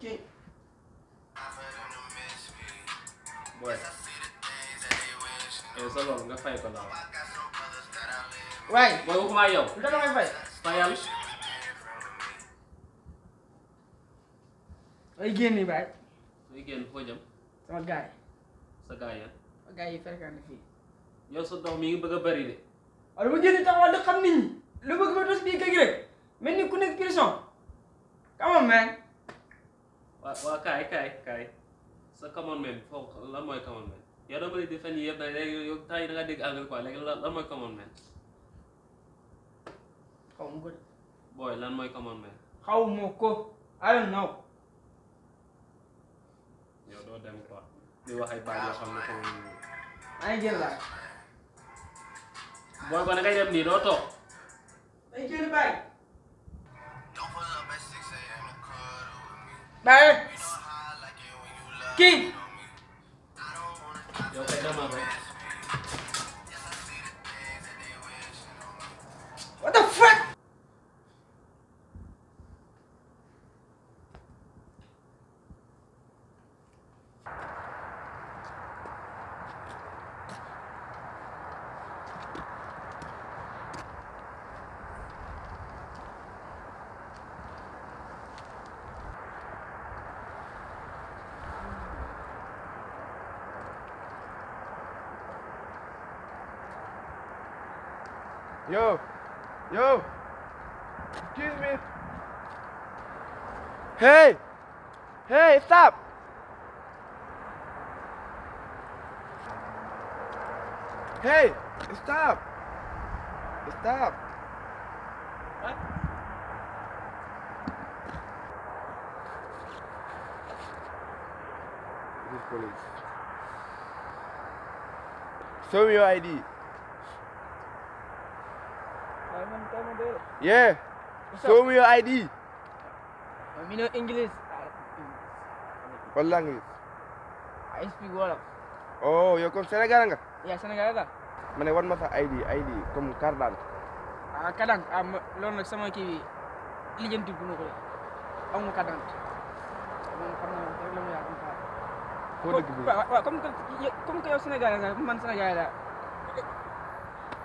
Okay. boy yow sa ko ndaw. waay booy waxuma yow. lu tax nga fay. fayal. looy génn baay. looy génn foo jëm. sama gaay sa gaay yi. sama gaay yi fréquenté fii. ngi bëgg a ¿eh? de. waaw lu ma génn taxawal da xam nit lu bëgg ma tos bii kër gi rek. mel ni ku nekk prison. come on Kai, Kai, Kai. come on man foofu lan come on man yow dama dégg fan yii yëpp nag léegi yow temps yi da nga dégg anglais quoi léegi lan mooy common man. xaw good. Boy, booy lan come on man. How ma ko. I don't know. yow doo dem quoi di wax ay baat yoo xam ne xaw ma. maa ngi jël laaj. booy ba na ngay dem nii doo toog. dañ Bye. King. Yo, yo, excuse me. Hey, hey, stop. Hey, stop. Stop. What? This police. Show me your ID. Yeah. Show me your ID. I know English. Ah, What language? I speak Wolof. Oh, yow comme Sénégal nga? Yeah, Sénégal la. Ah. Ah, ma ne wan ma ID ID comme carte d'identité. ah carte d'identité nag sama kii bi lijjanti bu ma ko def amu carte d'identité moom xam naa rek la ma yaatu ma faa. foo dëgg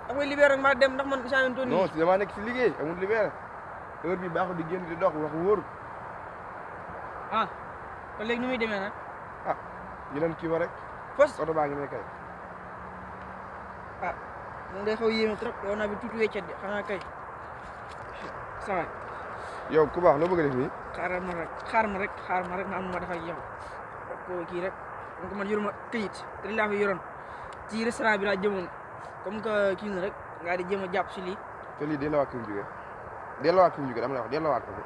da ngay libéré rek dem ndax man ko saa yoon non si damaa nekk si liggéey amul libéré heure bi baaxul di génn di dox wax wóorul. ah kon léegi nu muy demee ah, kii ba rek. fos oto baa ngi ne kay. ah moom day xaw a yéeme trop yow naa bi tuuti weccet kay. saa yow ku baax loo bëgg a def nii. ma rek xaar ma rek xaar ma rek ma am ma def ak yow kii rek man ko man yoruma këyit te laa fi yoroon ci restaurant bi laa comme que kii na rek nga di jéem a jàpp si lii. te lii delloowaat fi mu jógee delloowaat fi mu jógee dama lay wax delloowaat ko fi.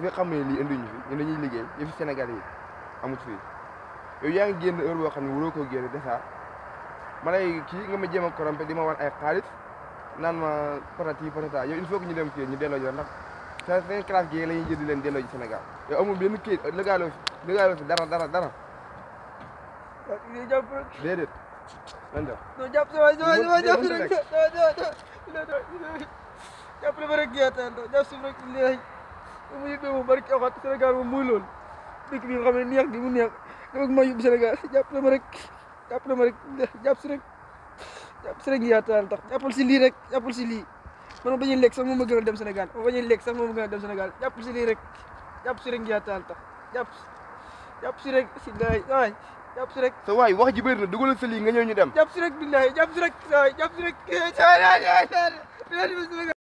nga xam ne lii indi ñu fi ñun dañuy liggéey yëfi Sénégal yi amut fii yow yaa ngi génn heure boo xam ne waroo koo génn déjà ma lay kii nga ma jéem a corrompre di ma wan ay xaalis naan ma patati patata yow il faut que ñu dem kii ñu delloo yoon ndax sa seen classe gi la ñuy jël di leen delloo ji Sénégal yow amul benn kii lëgaaloo fi lëgaaloo fi dara dara dara. nga jàpp rek. déedéet. man de. non jàpp sama mu yëg moom bari ci gi mu neex nga bëgg ma yóbbu Sénégal si rek jàpp si rek yaataan si lii rek jàppal si lii man ma bañ a lekk sax moom ma gënal dem Sénégal ma bañ a lekk sax moom ma gënal dem Sénégal jàppal si lii rek jàpp si rek yaataan tax jàpp jàpp si rek jàpp si rek sa waay wax ji bëri na dugalal sa lii nga ñëw ñu dem jàpp si rek billahi jàpp si rek jàpp si rek